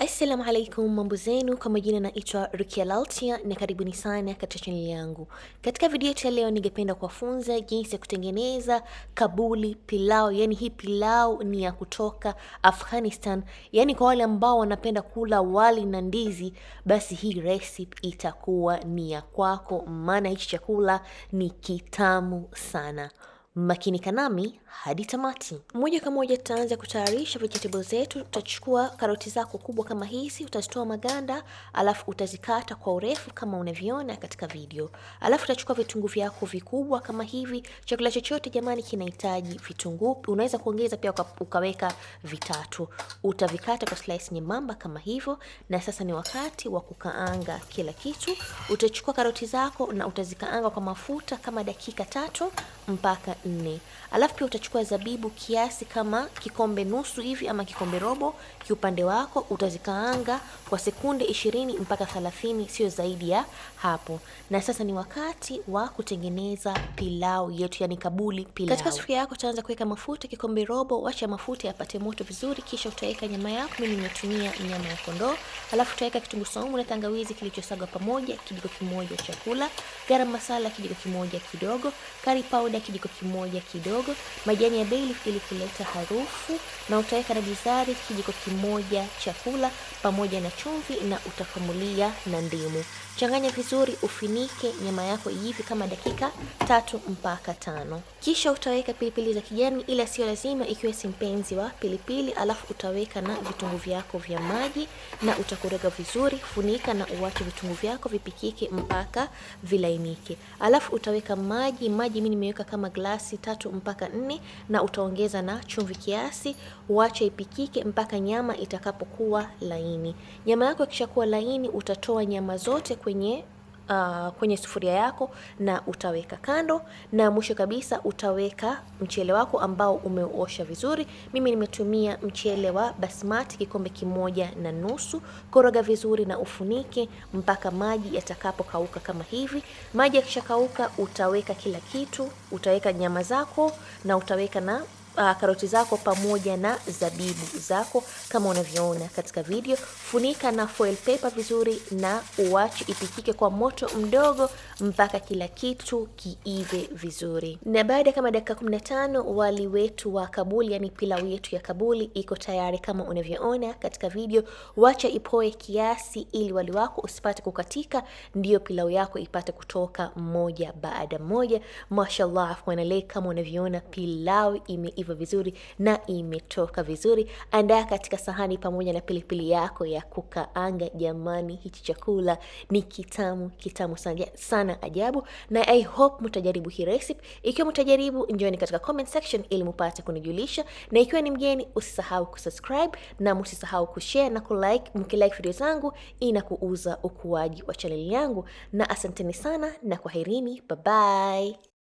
Assalamu alaikum, mambo zenu. Kwa majina naitwa Rukia Laltia na karibuni sana katika chaneli yangu. Katika video yetu ya leo, ningependa kuwafunza jinsi ya kutengeneza kabuli pilau. Yani hii pilau ni ya kutoka Afghanistan, yani kwa wale ambao wanapenda kula wali na ndizi, basi hii recipe itakuwa ni ya kwako, maana hichi chakula ni kitamu sana. Makinika nami hadi tamati. Moja kwa moja tutaanza kutayarisha vegetable zetu. Utachukua karoti zako kubwa kama hizi, utazitoa maganda, alafu utazikata kwa urefu kama unavyoona katika video. Alafu utachukua vitunguu vyako vikubwa kama hivi. Chakula chochote jamani kinahitaji vitunguu, unaweza kuongeza pia ukaweka vitatu. Utavikata kwa slice nyembamba kama hivyo, na sasa ni wakati wa kukaanga kila kitu. Utachukua karoti zako na utazikaanga kwa mafuta kama dakika tatu mpaka nne. Alafu pia utachukua zabibu kiasi kama kikombe nusu hivi ama kikombe robo kiupande wako, utazikaanga kwa sekunde ishirini mpaka thelathini, sio zaidi ya hapo. Na sasa ni wakati wa kutengeneza pilau yetu, yani kabuli pilau. Katika sufuria yako utaanza kuweka mafuta kikombe robo, wacha mafuta yapate moto vizuri, kisha utaweka nyama yako. Mimi nimetumia nyama ya kondoo, alafu utaweka kitunguu saumu na tangawizi kilichosagwa pamoja, kijiko kimoja chakula, garam masala kijiko kimoja kidogo, kari powder labda kijiko kimoja kidogo, majani ya bay leaf ili kuleta harufu, na utaweka na bizari kijiko kimoja chakula pamoja na chumvi, na utakamulia na ndimu. Changanya vizuri, ufinike nyama yako hivi kama dakika tatu mpaka tano. Kisha utaweka pilipili za kijani, ila sio lazima ikiwa si mpenzi wa pilipili. Alafu utaweka na vitunguu vyako vya maji na utakoroga vizuri, funika na uwache vitunguu vyako vipikike mpaka vilainike. Alafu utaweka maji maji, mimi nimeweka kama glasi tatu mpaka nne na utaongeza na chumvi kiasi. Uache ipikike mpaka nyama itakapokuwa laini. Nyama yako ikishakuwa laini, utatoa nyama zote kwenye uh, kwenye sufuria yako na utaweka kando, na mwisho kabisa utaweka mchele wako ambao umeuosha vizuri. Mimi nimetumia mchele wa basmati kikombe kimoja na nusu. Koroga vizuri na ufunike mpaka maji yatakapokauka kama hivi. Maji yakishakauka, utaweka kila kitu, utaweka nyama zako na utaweka na uh, karoti zako pamoja na zabibu zako kama unavyoona katika video. Funika na foil paper vizuri na uache ipikike kwa moto mdogo mpaka kila kitu kiive vizuri. Na baada kama dakika 15 wali wetu wa Kabuli, yani pilau yetu ya Kabuli iko tayari kama unavyoona katika video. Wacha ipoe kiasi ili wali wako usipate kukatika, ndiyo pilau yako ipate kutoka moja baada moja. Mashallah, afwan kama unavyoona pilau ime imeiva vizuri na imetoka vizuri. Andaa katika sahani pamoja na pilipili yako ya kukaanga. Jamani, hichi chakula ni kitamu kitamu sana, sana ajabu, na I hope mtajaribu hii recipe. Ikiwa mtajaribu, njoni katika comment section ili mpate kunijulisha, na ikiwa ni mgeni, usisahau kusubscribe na msisahau kushare na kulike. Mkilike video zangu inakuuza ukuaji wa chaneli yangu, na asanteni sana na kwaherini, bye bye.